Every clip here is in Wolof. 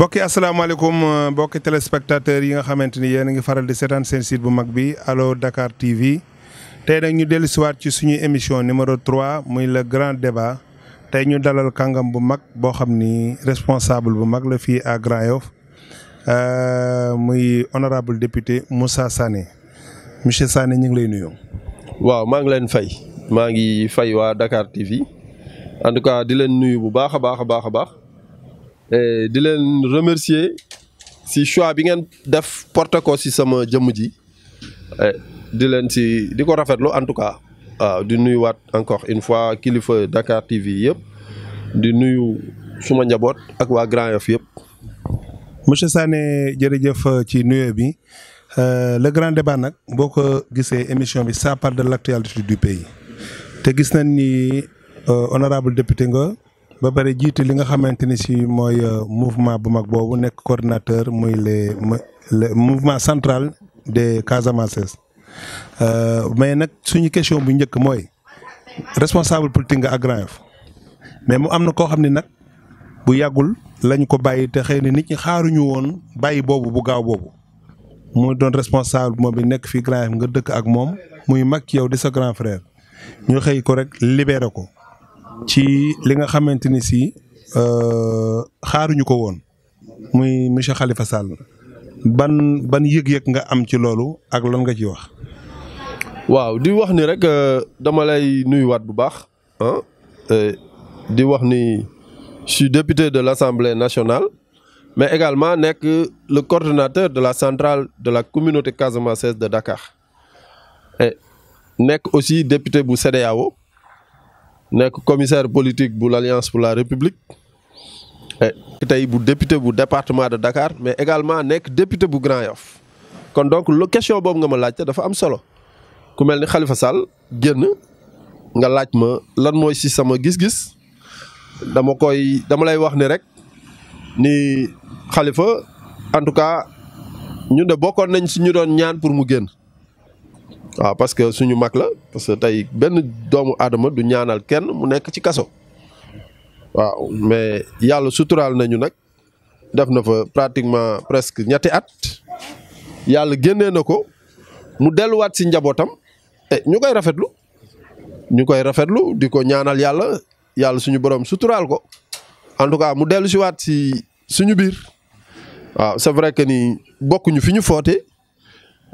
mbokki asalaamaaleykum euh, mbokki téléspectateurs yi nga xamante ni yéen a ngi faral di seetaan seen site bu mag bi alo Dakar TV tey nag ñu dellu siwaat ci suñu émission numéro 3 muy le grand débat tey ñu dalal kàngam bu mag boo xam ni responsable bu mag la fii à Grand Yoff euh, muy honorable député Moussa Sané monsieur Sané ñu ngi lay nuyu. waaw maa ngi leen fay maa ngi fay waa Dakar TV en tout cas di leen nuyu bu baax a baax a baax a baax. Eh, di len remercier si choix bi ngeen def porte ko ci sama jëm ji eh, di len si di rafetlu en tout cas waaw ah, di wat encore une fois kilifa Dakar TV yep di nuyu suma njabot ak wa Grand Yoff yep monsieur Sané jërëjëf euh, ci nuyu bi euh, le grand débat nak boko ko émission bi ça parle de l'actualité du pays té gis nañ ni euh, honorable député nga. ba pare jiite li nga xamante ni si mooy euh, mouvement bu mag boobu nekk coordinateur muy les le mouvement central des Casamançais euh, mais nag suñu question bu njëkk mooy responsable politique nga mais mu am na koo xam ne nag bu yàggul lañ ko bàyyi te xëy na nit ñi xaaruñu woon bàyyi boobu bu gaaw boobu mu doon responsable moom bi nekk fii Grand nga dëkk ak muy mag yow di sa grand frère ñu xëy ko rek libéré ko. ci li nga xamante ni si euh, xaaruñu ko woon muy monsieur Khalifa Sall ban ban yëg-yëg nga am ci loolu ak lan nga ci wax. waaw di wax ni rek euh, dama lay nuyuwaat bu baax hein, euh, di wax ni je suis député de l'Assemblée nationale mais également que le coordinateur de la centrale de la communauté casamançaise de Dakar et nek aussi député bu CDAO Nek commissaire politique bu l'alliance pour la république eh, tay bu député bu département de Dakar mais également nek député bu Grand Yoff kon donc le question bob nga ma laajte dafa am solo ku melni Khalifa Sall genn nga ma lan moy ci sama gis-gis dama koy dama lay wax ni rek ni Khalifa en tout cas ñun de bokon nañ ci ñu doon ñaan pour mu genn waaw ah, parce que suñu mag la parce que tey benn doomu aadama du ñaanal kenn mu nekk ci kaso waaw mais yàlla suturaal nañu nag def na fa pratiquement presque ñetti at yàlla génnee na ko mu delluwaat si njabootam e ñu koy rafetlu ñu koy rafetlu di ko ñaanal yàlla yàlla suñu borom suturaal ko en tout cas mu dellu si waat si suñu biir waaw c'est vrai que nii bokkuñu fi ñu foote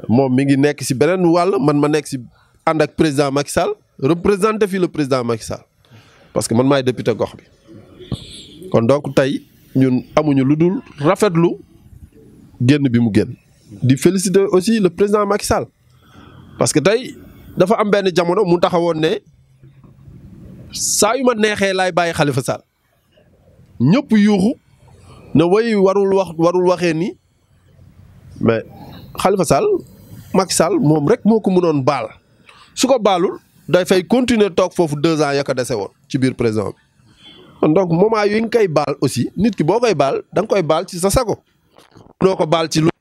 mom mi ngi nek si benen wàll man ma nek si and ak président Macky Sall représenter fi le président Macky Sall parce que man may député gox bi kon donc tay ñun amuñu lu rafetlu genn bi mu genn di féliciter aussi le président Macky Sall parce que tay dafa am benn jamono mu taxawoon ne sa yu ma nexé lay baye Khalifa Sall ñepp yuxu ne way warul wax warul waxé ni mais Khalifa Sall Macky Sall moom rek moo ko mënoon baal su ko baalul day fay continuer toog foofu deux ans ya ko dese woon ci biir président bi kon donc moment koy baal aussi nit ki boo koy baal da koy baal ci sa sago noo ko baal ci lu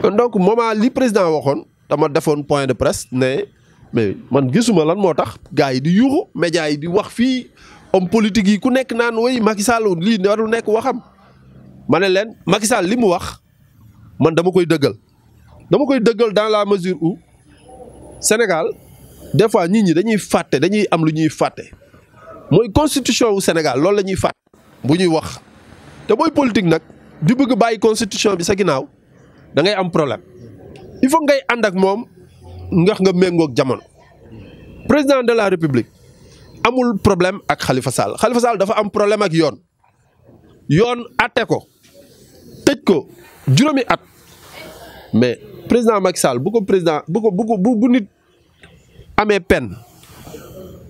kon donc moment li président waxoon dama defoon point de presse ne mais man gisuma lan moo tax gars yi di yuuxu médias yi di wax fii om politique yi ku nekk naan way Macky Sall lii warul nekk waxam ma ne leen Macky Sall li mu wax man dama koy dëggal dama koy dëggal dans la mesure où Sénégal des fois nit ñi dañuy fàtte dañuy am lu ñuy fàtte mooy constitution wu Sénégal loolu la ñuy fàtte bu ñuy wax te mooy politique nag di bëgg bàyyi constitution bi sa ginnaaw da ngay am problème il faut ngay ànd ak moom ngax nga méngoog jamono président de la république amul problème ak Khalifa Sall Khalifa dafa am problème ak yoon yoon atte ko tëj ko juróomi at mais président Macky Sall bu ko président bu ko bu bu nit amé peine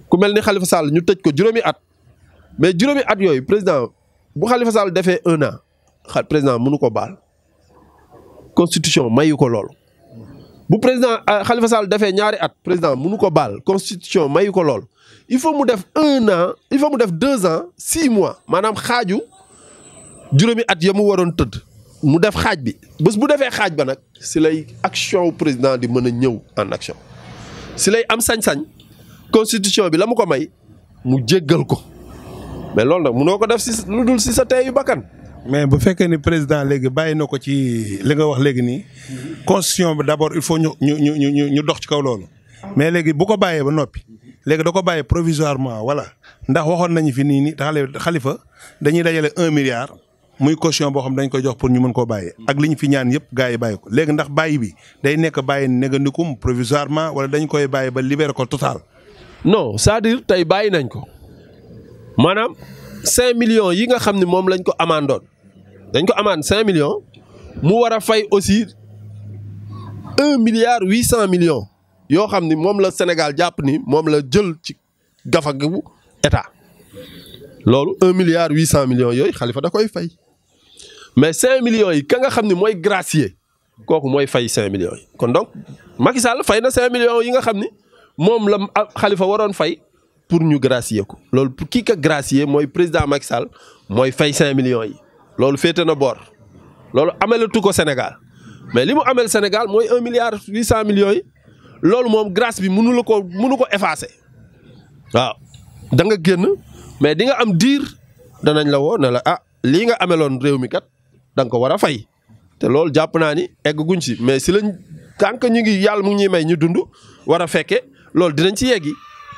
ku melni Khalifa Sall ñu tejj ko juromi at mais juromi at yoy président bu Khalifa Sall défé un an président mënu ko bal. constitution mayu ko lool. bu président euh, Khalifa Sall défé ñaari at président mënu ko bal. constitution mayu ko lool. il faut mu def un an il faut mu def deux ans six mois Madame xaaju juromi at yamu waron teud. mu def xaaj bi bés bu defee xaaj ba nag si lay action président di mën a ñëw en action si lay am sañ-sañ constitution bi la mu ko may mu jéggal ko mais loolu nag noo ko def si lu dul si sa teeyu bakkan mais bu fekkee ni président léegi bàyyi na ko ci li nga wax léegi nii constitution bi d'abord il faut ñu ñu ñu ñu ñu dox ci kaw loolu mais léegi bu ko bàyyee ba noppi léegi da ko bàyyee provisoirement voilà ndax waxoon nañu fi nii nii xale xalifa dañuy dajale un milliard muy caution boo xam dañ koy jox pour ñu mën koo bàyyi ak li ñu fi ñaan yëpp gars yi bàyyi ko léegi ndax bàyyi bi day nekk bàyyi négandikum provisoirement wala dañ koy bàyyi ba libéré ko total non cest à tey bàyyi nañ ko maanaam cinq millions yi nga xam ne moom lañ ko amandoon dañ ko amande cinq millions mu war a fay aussi un milliard huit cent millions yoo xam ni moom la Sénégal jàpp ni moom la jël ci gafagu état loolu un milliard huit cent millions yooyu xalifa da koy fay mais 5 millions yi ka nga xam ni mooy gracier kooku mooy fay 5 millions yi kon donc Macky Sall fay na 5 yi nga xam ni moom la xalifa waroon fay pour ñu gracier ko loolu kii ka gracier mooy président Macky Sall mooy fay 5 millions yi loolu féete na boor loolu amelatu ko Sénégal mais li mu amel Sénégal mooy un milliard 800 millions yi loolu moom grâce bi mënu la ko mënu ko effacer waaw da nga génn mais di nga am diir danañ la woo la ah lii nga ameloon réew mi kat. da war a fay te loolu jàpp naa ni egguñ si mais si lañ tant que ñu ngi yàlla mu ngi ñuy may ñu dund war a fekke loolu dinañ ci yeggi.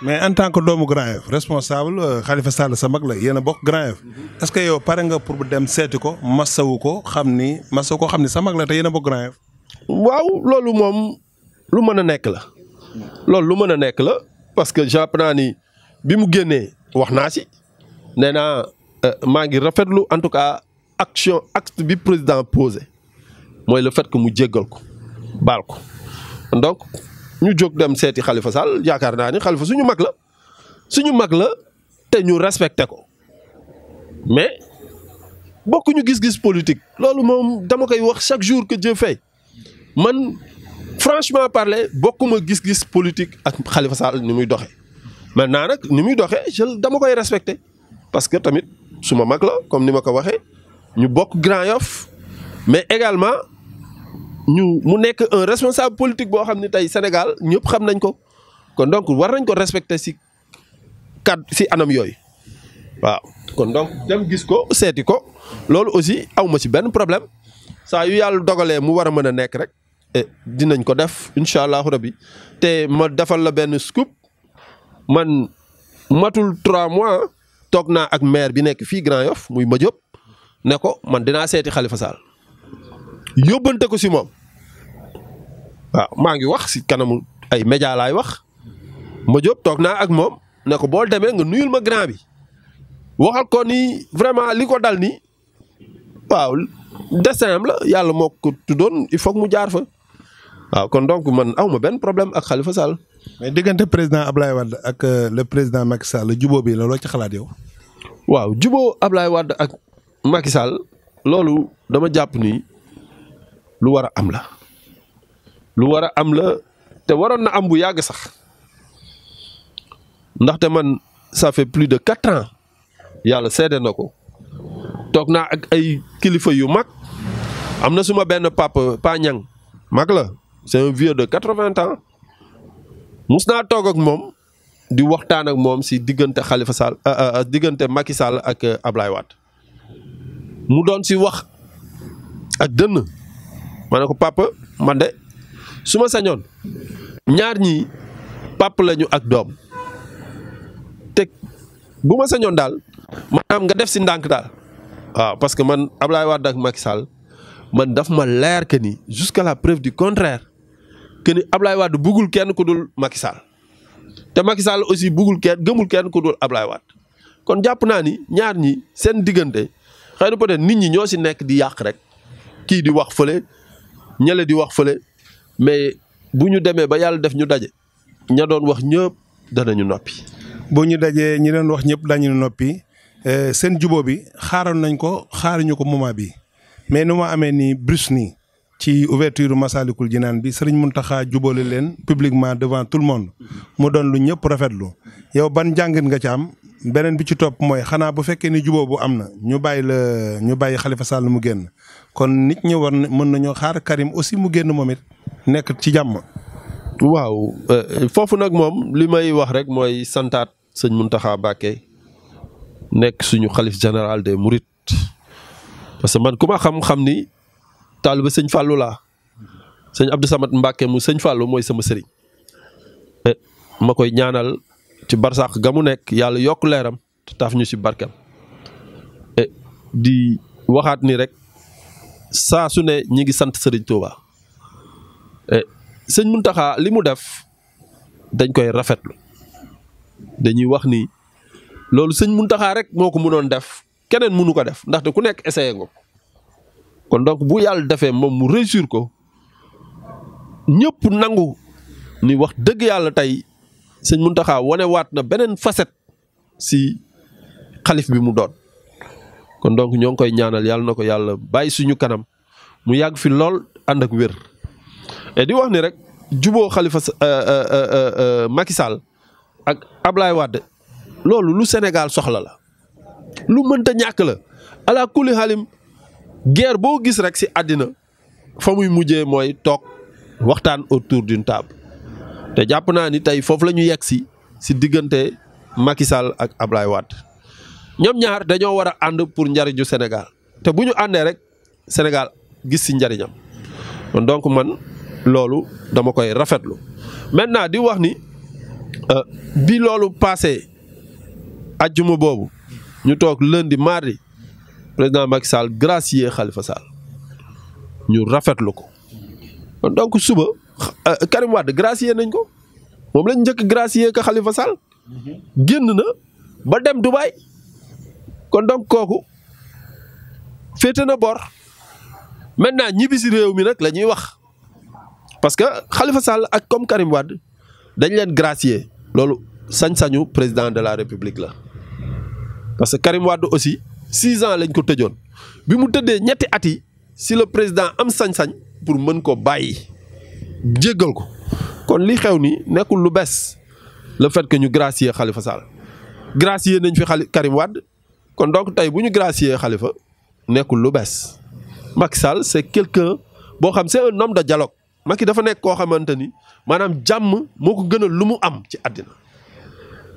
mais en tant que doomu Grand Yoff responsable euh, Khalifa Sall sa mag la yéen a bokk Grand Yoff mm-hmm. est-ce que yow pare nga pour dem seeti ko masawu ko xam ni masawu ko xam ni sa mag la te yéen a bokk Grand Yoff. waaw loolu moom lu mën a nekk la loolu lu mën a nekk la parce que jàpp naa ni bi mu génnee wax naa si nee naa euh, maa ngi rafetlu en tout cas. action acte bi président posé moy le fait que mu djegal ko bal ko donc ñu jog dem séti Khalifa Sall Khalifa suñu mag la suñu mag la té ñu respecté ko mais ñu gis-gis politique lolu que dama koy wax chaque jour que Dieu fait man franchement parler ma gis-gis politique ak Khalifa Sall ni muy maintenant nous ni muy je dama koy respecté parce que tamit comme ni ma ko ñu bokk Grand Yoff mais également ñu mu nekk un responsable politique boo xam ni tey Sénégal ñëpp xam nañ ko kon donc war nañ ko respecter ci kad ci anam yooyu waaw kon donc dem gis ko seeti ko loolu aussi awma ci benn problème saa yu yàlla dogalee mu war a mën a nekk rek eh, dinañ ko def incha allahu rabi te ma defal la benn scoop man matul trois mois toog naa ak maire bi nekk fii Grand Yoff muy Madiop ne ko man dinaa seeti Khalifa Sall yóbbante ko si moom waaw maa ngi wax si kanamu ay média laay wax ma jóg toog naa ak moom ne ko boo demee nga nuyul ma grand bi waxal ko ni vraiment li ko dal ni waaw destin la yàlla moo ko tuddoon il faut mu jaar fa. waaw kon donc man aw ma benn problème ak Khalifa Sall. mais diggante président Ablaye Wade ak euh, le président Macky Sall jubóo bi la loo ci xalaat yow. waaw jubóo Ablaye Wade ak Macky Sall loolu dama japp ni lu wara am la lu wara am la te waron na am bu yag sax ndaxte man ça fait plus de 4 ans yalla seede na ko ak ay kilifa yu mak amna suma ben papa Pa Ñang mak la c'est un vieux de 80 ans musna tok ak mom di waxtaan ak mom si diggante Khalifa Sall euh, euh, diggante Macky Sall ak euh, Ablaye Wade mu doon si wax ak dënn ma ne ko papa man de su ma sañoon ñaar ñi papa lañu ak doom te bu ma sañoon daal maanaam nga def si ndànk daal waaw parce que man ablaay Wade ak Macky Sall man daf ma leer que ni jusqu'à la preuve du contraire que ni Ablaye Wade buggul kenn ku dul Macky Sall te Macky aussi buggul kenn gëmul kenn ku dul Ablaye Wade kon jàpp naa ni ñaar ñi seen diggante. xëy na peut être nit ñi ñoo si nekk di yàq rek kii di wax fële ñële di wax fële mais bu ñu demee ba yàlla def ñu daje ña doon wax ñëpp danañu noppi. bu ñu dajee ñi doon wax ñëpp dañu noppi eh, seen jubo bi xaaroon nañ ko xaaruñu ko moment bi mais nu ma amee nii brusque nii ci ouverture Massalikul Jinaan bi Serigne Mountakha jubóole leen publiquement devant tout le monde mu doon lu ñëpp rafetlu yow ban jàngit nga ci am beneen bi ci topp mooy xanaa bu fekkee ni juboo bu am na ñu bàyyi la ñu bàyyi Khalifa Sall mu génn kon nit ñi war na mën nañoo xaar Karim aussi mu génn moom it nekk ci jàmm. waaw euh, foofu nag moom li may wax rek mooy santaat sëñ Mountakha Mbacké nekk suñu xalif général des murit parce que man ku ma xam-xam ni ba sëñ Fallou la sëñ Abdou Samad Mbacké mu sëñ Fallou mooy sama sëriñ euh, ma koy ñaanal. ci barsàq ga mu nekk yàlla yokk leeram te taaf ñu si barkam di waxaat ni rek saa su ne ñi ngi sant Serigne Touba sëñ Mountakha li mu def dañ koy rafetlu dañuy wax ni loolu sëñ mun Mountakha rek moo ko mënoon def keneen mënu ko def ndaxte ku nekk essayé nga ko kon donc bu yàlla defee moom mu réussir ko ñëpp nangu ni wax dëgg yàlla tey sëñ Muntaxa wane waat na beneen faset si xalif bi mu doon kon donc ñoo ngi koy ñaanal yàlla na ko yàlla bàyyi suñu kanam mu yàgg fi lool ànd ak wér. et di wax ni rek juboo xalifa euh, euh, euh, Macky Sall ak Ablaye Wade loolu lu Sénégal soxla la lu mënta ñàkk la ala kulli xalim guerre boo gis rek si àddina fa muy mujjee mooy toog waxtaan autour d'une table. te japp na ni tay fofu lañu ñu ci si Macky Sall ak Ablaye Wade ñom ñaar dañu wara and pour ndariñu Sénégal te buñu andé rek Sénégal gis ci ndariñam donc man lolu dama koy rafetlu maintenant di wax ni euh, bi lolu passé aljuma bobu ñu tok lundi mardi président Macky Sall gracier Khalifa Sall ñu rafetlu ko donc suba. Euh, Karim Wade gracier nañ ko moom lañ njëkk gracier ko xalifa Sall génn na ba dem Dubaay kon donc kooku féete na bor maintenant ñibbi si réew mi nag la ñuy wax parce que xalifa Sall ak comme Karim dañ leen gracier loolu sañ-sañu président de la république la parce que Karim Wade aussi six ans lañ ko tëjoon bi mu tëddee ñetti at yi si le président am sañ-sañ pour mën ko bàyyi. jéggal ko kon li xew ni nekkul lu bees le fait que ñu gracier Khalifa Sall gracier nañ fi xali Karim wàdd kon donc tey bu ñu gracier xalifa nekkul lu bees Macky Sall c'est quelqu'un boo xam c'est nom homme de dialogue Macky dafa nekk koo xamante ni maanaam jàmm moo ko gënal lu mu am ci àddina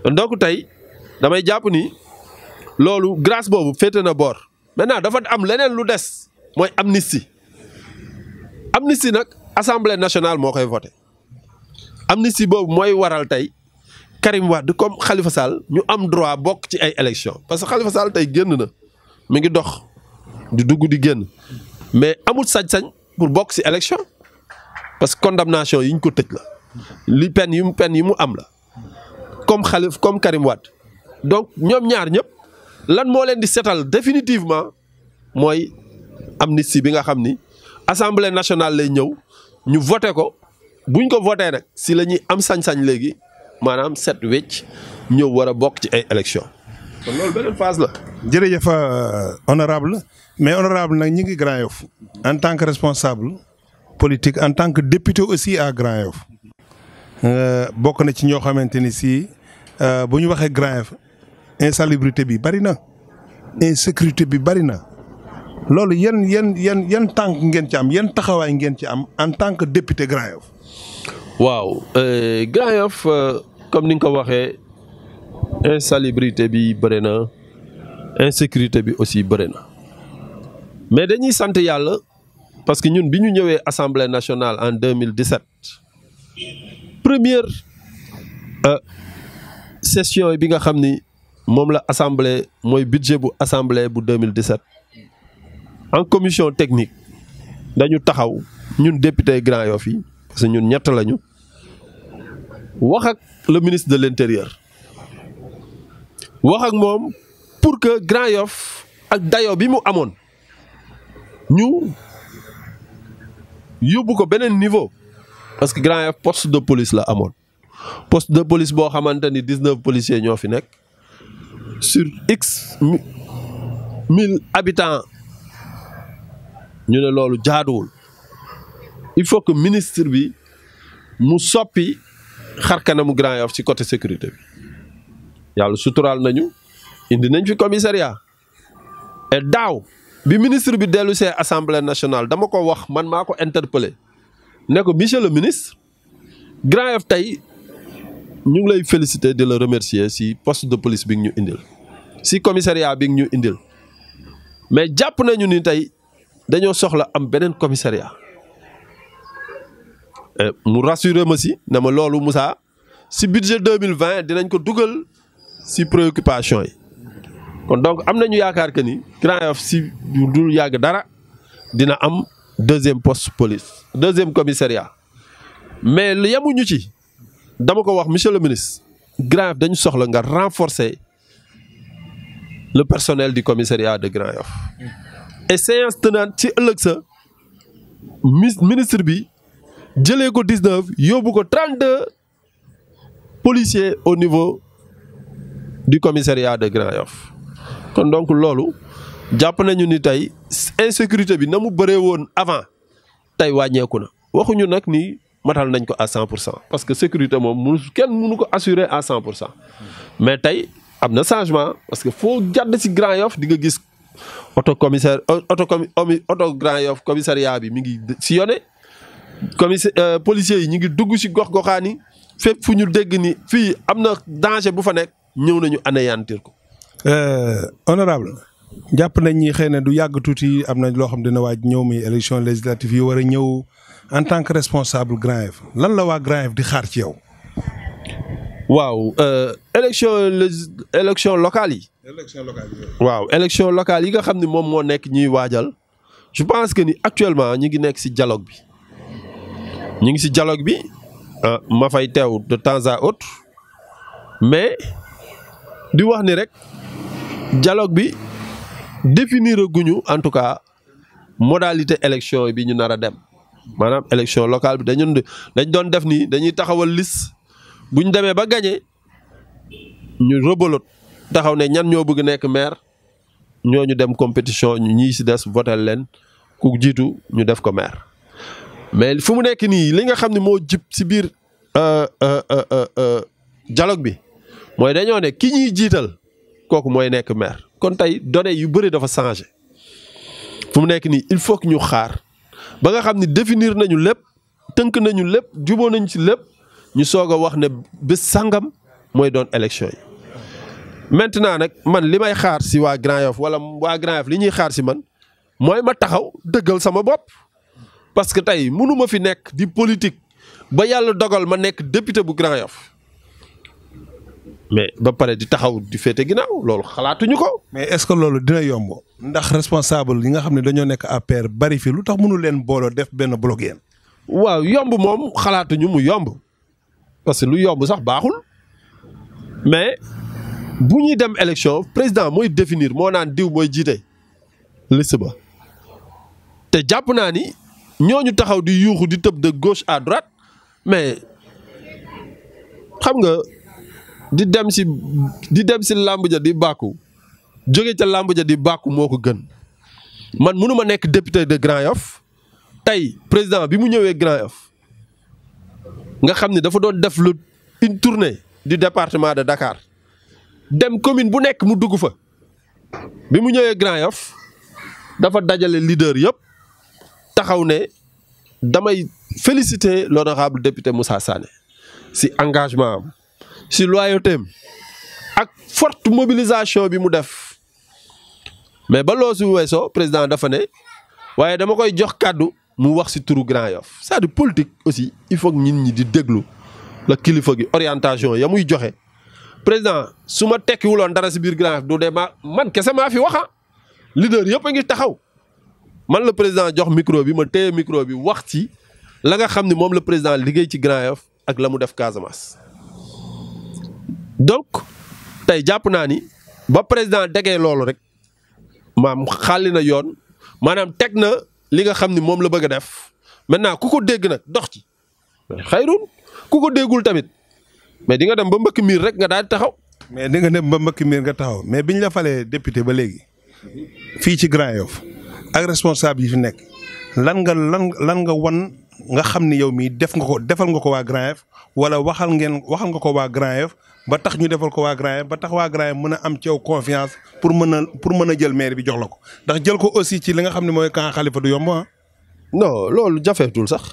kon donc tey damay jàpp ni loolu grâce boobu féete na boor maintenant dafa am leneen lu des mooy am nisti nag. assemblée nationale moo koy voté amnistie boobu mooy waral tey Karim Wade comme Khalifa ñu am droit bokk ci ay élections parce que Khalifa Sall tey génn na mi ngi dox di dugg di génn mais amul sañ-sañ pour bokk ci élection parce que condamnation yi ñu ko tëj la li peine yi mu peine yi mu am la comme Khalifa comme Karim donc ñoom ñaar ñëpp lan moo leen di setal définitivement mooy amnistie bi nga xam ni assemblée national lay ñëw. ñu voté ko buñ ko voté rek si la ñuy am sañ-sañ léegi maanaam set wecc ñëw war a bokk ci ay élection kon loolu beneen la. jërëjëf euh, honorable mais honorable nag ñi ngi Grand Yoff en tant que responsable politique en tant que député aussi à Grand Yoff euh, bokk na ci ñoo xamante ni si euh, bu ñu waxee Grand Yoff insalubrité bi bari na sécurité bi bari na. loolu yan yan yan yan tànk ngeen ci am en tant que député Grand Wow, waaw euh, euh, comme ni nga ko waxee insalubrité bi bëri na insécurité bi aussi bëri na mais dañuy sant yàlla parce que ñun bi ñu ñëwee assemblée nationale en 2017 première euh, session bi nga xam ni moom la assemblée mooy budget bu assemblée bu 2017 en commission technique dañu taxaw ñun député Grand Yoff parce que ñun ñett lañu wax ak le ministre de l'intérieur wax ak mom pour que Grand Yoff ak dayo bi mu nous, ñu nous, ko niveau parce que Grand Yoff poste de police la amone poste de police il y a dix policiers ñofi sur x mille habitants ñu ne loolu jaaduwul il faut que ministre bi mu soppi xarkanamu Grand Yoff ci côté sécurité bi yàlla suturaal nañu indi nañ fi commissariat et daaw bi ministre bi dellu see assemblée nationale dama ko wax man maa ko interpellé ne ko monsieur ministre Grand Yoff tey ñu ngi lay féliciter di la remercier ci poste de police bi ñu indil ci commissariat bi ñu indil mais jàpp nañu ni tey. dañoo soxla am beneen commissariat nous euh, rassurons aussi si ne ma Moussa si budget 2020 si préoccupation yi kon donc am nañu yaakaar que ni Grand Yoff si dul dara dina am deuxième poste police deuxième commissariat mais le yemuñu ci dama ko wax monsieur le ministre Grand Yoff nga renforcer le personnel du commissariat de Grand Yoff te séance tenante ci ëllëg sa ministre bi jëlee ko 19 a ko 32 policiers au niveau du commissariat de Grand-Yoff kon donc lolu jàpp nañu ni tay insécurité bi namu mu won avant Taïwan. wàññeeku na ñu nak ni matal nañ ko à 100 parce que sécurité moom mënu kenn mënu ko assurer à 100 mais tay amna changement parce que faut garder ci Grand-Yoff di nga gis. auto commissaire euh, auto auto Grand Yoff commissariat bi mi ngi si yoone commissaire euh, policier yi ñu ngi dugg si gox goxaan yi fépp fu ñu dégg ni fii am na danger bu fa nekk ñëw nañu anéantir ko. Euh, honorable jàpp nañ ñi xëy na du yàgg tuuti am nañ loo xam dina waa ñëw mi élection législative yi war a ñëw en tant que responsable Grand Yoff lan la waa Grand Yoff di xaar ci yow. waaw euh, élection élection locale yi. élection locale yi waaw élection locale yi nga xam ni moom moo nekk ñuy waajal je pense que ni actuellement ñu ngi nekk ci jaloog bi ñu ngi ci jaloog bi ah, ma fay teew de temps à autre mais di wax ni rek dialogue bi définir guñu en tout cas modalité élection bi ñu nar a dem maanaam élection locale bi dañu dañ doon def nii dañuy taxawal lis bu ñu demee ba gañe ñu rebelote taxaw ne ñan ñoo bëgg nekk maire ñu dem compétition ñii si des votel leen ku jiitu ñu def ko maire mais fu mu nekk nii li nga xam ne moo jib si biir jaloog euh, euh, euh, bi mooy dañoo ne ki ñuy jiital kooku mooy nekk maire kon tey données yu bëri dafa changé fu mu nekk nii il faut que ñu xaar ba nga xam ni définir nañu lépp tënk nañu lépp juboo nañ si lépp ñu soga wax ne bis sangam moy don election yi maintenant nak man limay xaar si wa Grand yof wala wa Grand yof li ñi xaar si man moy ma taxaw deugal sama bop parce que tay mënu ma fi nek di politique ba yalla dogal ma nek député bu Grand yof mais ba paré di taxaw di fété ginaaw loolu xalaatuñu ko. mais est-ce que loolu dina yomb ndax responsable yi nga xamné ne nek nekk APR bari fi lutax mënu len bolo def ben bloc yéen. waaw yomb moom xalaatuñu mu yomb. parce que lu yomb sax baaxul mais bu ñuy dem élection président mooy définir moo naan diw mooy jiite liste ba te jàpp naa ni ñoo ñu taxaw di yuuxu di tëb de gauche à droite mais xam nga di dem si di dem si làmb ja di bàkku jóge ca làmb ja di bàkku moo ko gën man ma nekk député de Grand Yoff tey président bi mu ñëwee Grand Yoff nga xamni dafa une tournée du département de Dakar dem commune bu mu fa bi mu leader yop. taxaw féliciter l'honorable député Moussa Sané si engagement loyauté forte mobilisation bi mu def mais ba président dafa né dama koy jox mu wax de Grand Yoff cest une politique aussi il faut que di déglu la faut orientation ya en joxe président su ma tekkiwuloon dara si suis Grand Yoff suis ma fi waxa ah. leader suis ngi taxaw man le président jox micro bi micro bi wax ci la nga xamni président ci Grand Yoff ak lamu def donc tay président rek Je yoon je li nga xam ni moom la bëgg a def maintenant ku ko dégg na dox ci xayrun ku ko déggul tamit mais di nga dem ba mbëkk miir rek nga daal di taxaw. mais di nga dem ba mbëkk miir nga taxaw mais biñ la falee député ba léegi fii ci Grand Yoff ak responsable yi fi nekk lan nga lan lan nga wan nga xam ni yow mii def nga ko defal nga ko waa Grand Yoff wala waxal ngeen waxal nga ko waa Grand Yoff ba tax ñu defal ko waa Grand ba tax waa Grand mën a am ci yow confiance pour mën a pour mën a jël maire bi jox la ko ndax jël ko aussi ci li nga xam ne mooy camp Khalifa du yomb ah. non loolu jafeetul sax.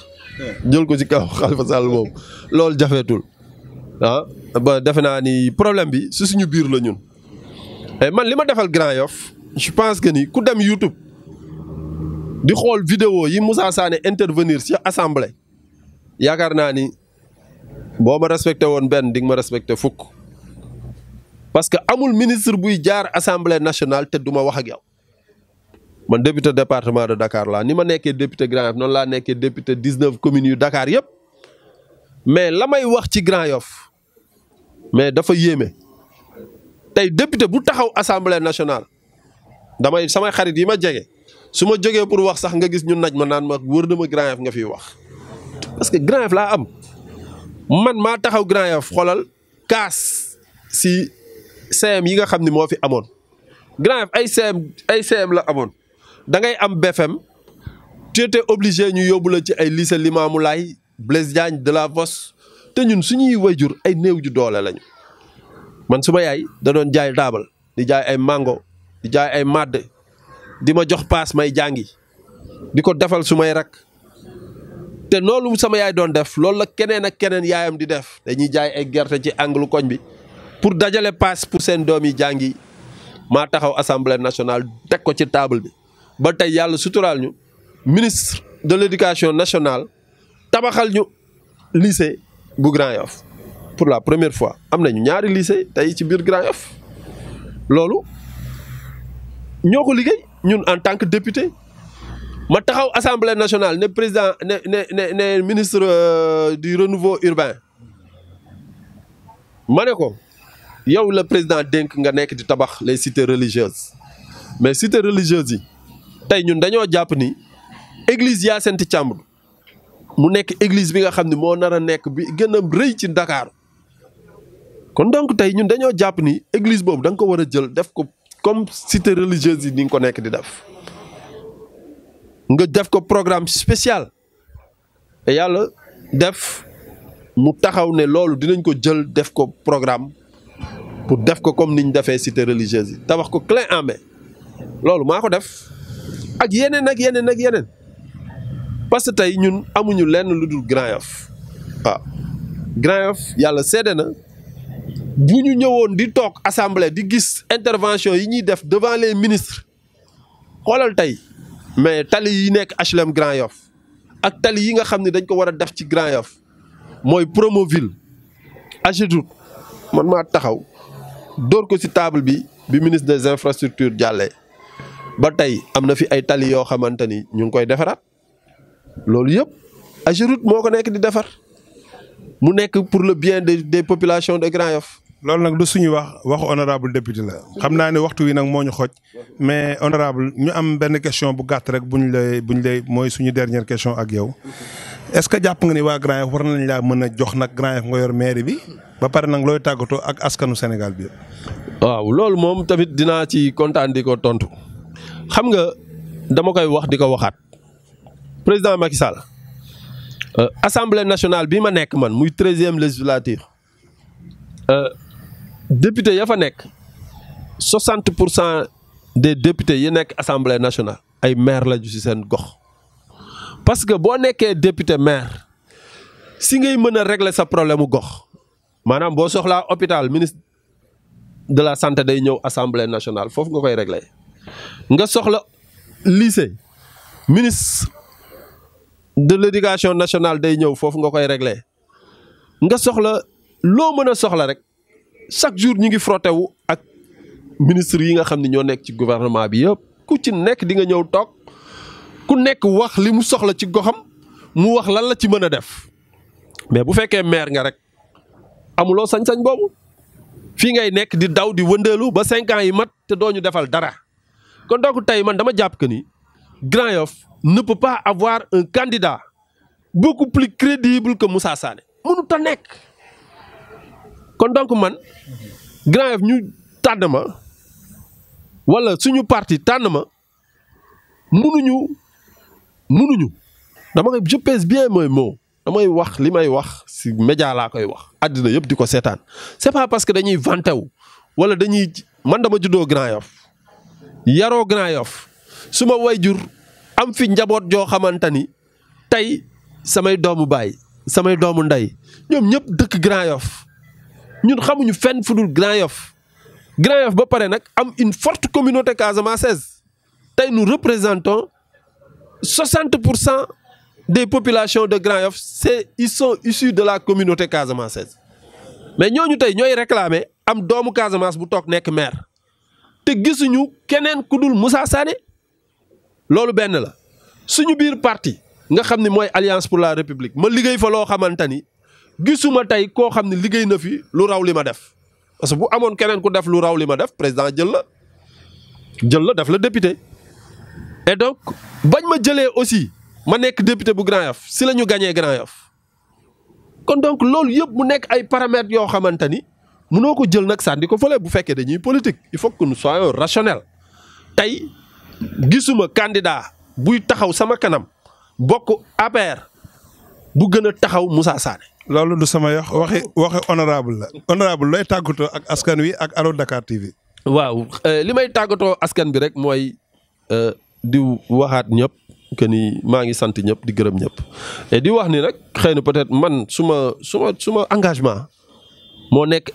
jël ko ci camp Khalifa Sall moom loolu jafeetul ah ba defe naa ni problème bi su suñu biir la ñun. Eh, man li ma defal Grand yof je pense que ni ku dem YouTube di xool vidéo yi Moussa Sané intervenir si assemblée yaakaar naa ni. boo ma respecté woon benn di ma respecté fukk parce que amul ministre buy jaar assemblée nationale te du ma wax ak yow man député département de Dakar laa ni ma nekkee député Grand Yoff noonu laa nekkee député 19 commune yu Dakar yëpp mais la may wax ci Grand Yoff mais dafa yéeme tey député bu taxaw assemblée nationale damay samay xarit yi ma jege su ma jegee pour wax sax nga gis ñu naj ma naan ma wër na ma Grand Yoff nga fiy wax parce que Grand laa am. man maa taxaw Grand Yoff xoolal kaas si CM yi nga xam ni moo fi amoon Grand Yoff ay CM ay CM la amoon da ngay am BFM tu étais ñu yóbbu la ci ay lycée Limamou Laye Blaise Diagne Delafosse te ñun suñuy wayjur ay néew ju doole lañu man suma yaay da doon jaay daabal di jaay ay mango di jaay ay màdd di ma jox paas may jàngi di ko defal su may rak te loolu sama yaay doon def loolu la keneen ak keneen yaayam di def dañuy jaay ay gerte ci anglu koñ bi pour dajale paas pour seen doom yi jàngi maa taxaw assemblée nationale teg ko ci table bi ba tey yàlla suturaal ñu ministre de l'éducation nationale tabaxal ñu lycée bu Grand Yoff pour la première fois am nañu ñaari lycée tey ci biir Grand Yoff loolu ñoo ko liggéey ñun en tant que député ma taxaw assemblée nationale ne président ne ne ne ministre euh, du renouveau urbain ma ne ko yow le président dénk nga nekk di tabax les sites religieuses mais sites religieuses yi tey ñun dañoo jàpp ni église yaa senti càmb mu nekk église bi nga xam ne moo nar bi gën a rëy ci Dakar kon donc tey ñun dañoo jàpp ni église boobu da nga ko jël def ko comme cité religieux yi ni nga ko di def nga def ko programme spécial te yàlla def mu taxaw ne loolu dinañ ko jël def ko programme pour def ko comme niñ defee cité religieuse yi tabax ko clin en main loolu mako def ak yenen ak yenen ak yenen parce que tey ñun amuñu lenn luddul Grand Yoff Ah. Grand Yoff yalla seede na bu ñëwoon di tok assemblée di gis intervention yi ñi def devant les ministres xoolal tay mais tali yi nekk HLM Grand Yoff ak tali yi nga xam ne dañ ko war a def ci Grand Yoff mooy Promoville AGEROUTE man maa taxaw dóor ko ci table bi bi ministre des infrastructures jàllee ba tey am na fi ay tali yoo xamante ni ñu ngi koy defara loolu yëpp AGEROUTE moo ko nekk di defar mu nekk pour le bien des population de Grand Yoff loolu nag du suñuy wax waxu honorable député la xam naa ne waxtu wi nag moo ñu xooj mais honorable ñu am benn question bu gàtt rek bu ñu lay bu ñu mooy suñu dernière question ak yow est-ce que jàpp nga ni waa Grand Yoff war nañ laa mën a jox nag Grand Yoff nga yor bi ba pare nag looy tàggatoo ak askanu Sénégal bi. waaw loolu moom tamit dinaa ci kontaan di ko tontu xam nga dama koy wax di ko waxaat président Macky Sall euh, assemblée nationale bi ma nekk man muy treizième législature. Euh, député ya 60% des députés yi nek assemblée nationale ay maire la ju ci sen parce que bo nekkee député maire si ngay mën régler sa problème gox manam bo soxla hôpital ministre de la santé day ñew assemblée nationale fofu nga koy régler nga soxla lycée ministre de l'éducation nationale day ñew fofu nga koy régler nga soxla ne pouvez a soxla rek. chaque jour ñi ngi froté wu ak ministre yi nga xamni ño nek ci gouvernement bi yëpp ku ci nek di nga ñew tok ku nek wax li soxla ci goxam mu wax lan la ci mëna def mais bu fekkee maire nga rek amuloo sañ-sañ bobu fi ngay nek di daw di wëndelu ba 5 ans yi mat te doñu defal dara kon donc tay man dama japp que ni Grand Yoff ne peut pas avoir un candidat beaucoup plus crédible que Moussa Sané ta nek kon donc man Grand Yoff ñu tànn ma wala suñu parti tànn ma munuñu munuñu dama koy je bien mooy mot damay wax li may wax si média laa koy wax. àddina yëpp di ko seetaan c'est pas parce que dañuy vanté wu wala dañuy man dama juddoo Grand Yoff yaroo Grand Yoff su ma jur am fi njaboot joo xamante ni tey samay doomu baay samay doomu ndey ñoom ñëpp dëkk Grand Yoff Nous xamuñu fenn fu Grand Yoff Grand Yoff ba pare nag am une forte communauté nous représentons 60 des populations de Grand Yoff ils sont issus de la communauté casamançaise mais ñooñu tey ñooy réclamer am doomu Casamance bu toog nekk maire te gisuñu keneen ku dul Moussa Sané loolu benn la suñu biir parti nga xam Alliance pour la République ma liggéey fa loo xamante gisuma tay ko xamni liggey na fi lu raw li def parce bu amone kenen ku def lu raw li ma def president jël la jël la def la député et donc bañ ma jëlee aussi ma nek député bu Grand Yoff si lañu gagné Grand Yoff kon donc loolu yeb mu nek ay paramètres yo xamantani mënoko mënoo jël ko fële bu féké dañuy politique il faut que nous soyons rationnels tay gisuma candidat buy taxaw sama kanam bokk APR bu gëna taxaw Moussa Sané loolu du sama wax waxe waxe honorable la honorable lay tàggatoo ak askan wi ak allo Dakar TV. waaw euh, limay may askan bi rek moy euh, di waxat ñep ke ni maa ngi sant ñëpp di gërem ñep et di wax ni nak xëy peut-être man suma suma suma engagement mo nek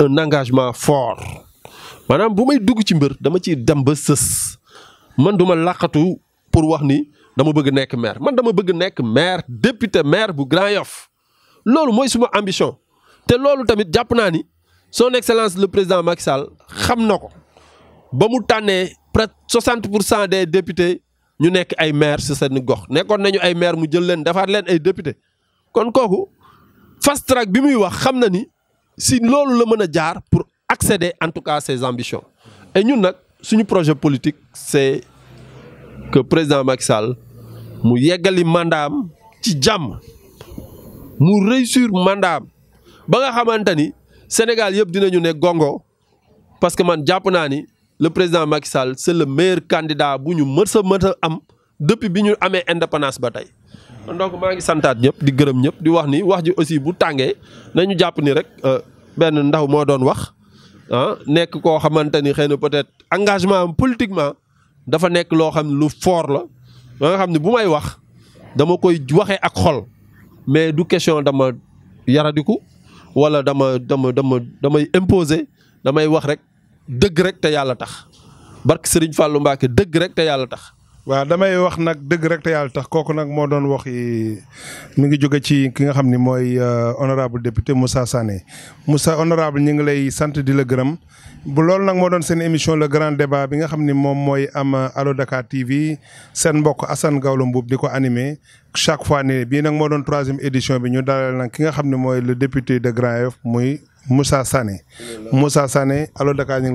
un engagement fort manam bu may dugg ci mbeur dama ci dem ba sës man duma laqatu pour wax ni dama bëgg nek maire man dama bëgg nek maire député maire bu Grand Yoff lolu moy suma ambition té lolu tamit jàpp ni son excellence le président Macky Sall xam na ba mu tanné près 60 des députés ñu nekk ay maire ci sen gox nekkon nañu ay maire mu jël leen defaat leen ay députés kon koku fast track bi muy wax xam na ni si lolu la mëna jaar pour accéder en tout cas à ses ambitions et ñun nak suñu projet politique c'est que président Macky Sall mu yeggali mandam ci jamm mu sur mandam ba nga xamantani ni yeb dinañu ne gongo parce que man japp naa ni le président Macky Sall c'est le meilleur candidat bu ñu am depuis biñu amé indépendance ba tey. donc ma ngi santat ñep di gëreum ñep di wax ni wax ji aussi bu tangé nañu japp ni rek euh, ben ndaw mo doon wax ah nek ko xamantani ni peut-être engagement politiquement dafa nek lo xamni lu fort la nga xamni bu may wax dama koy waxé ak xol. mais du question dama yaradiku wala dama dama dama damay imposer damay wax rek dëgg rek te yàlla tax barke Serigne fàllu Mbacke dëgg rek te yàlla tax. waa damay wax nag dëgg rek te yàlla tax kooku nag moo doon wax yi mi ngi jóge ci ki nga xam ni mooy euh, honorable député Moussa Sané Moussa honorable ñu ngi lay sant di la gërëm. nak mo émission le grand débat bi nga mom euh, Allo Dakar TV chaque fois ni vous troisième édition bi ñu dalal nak ki le député de Grand Moussa Sané Moussa Sané Allo Dakar ñu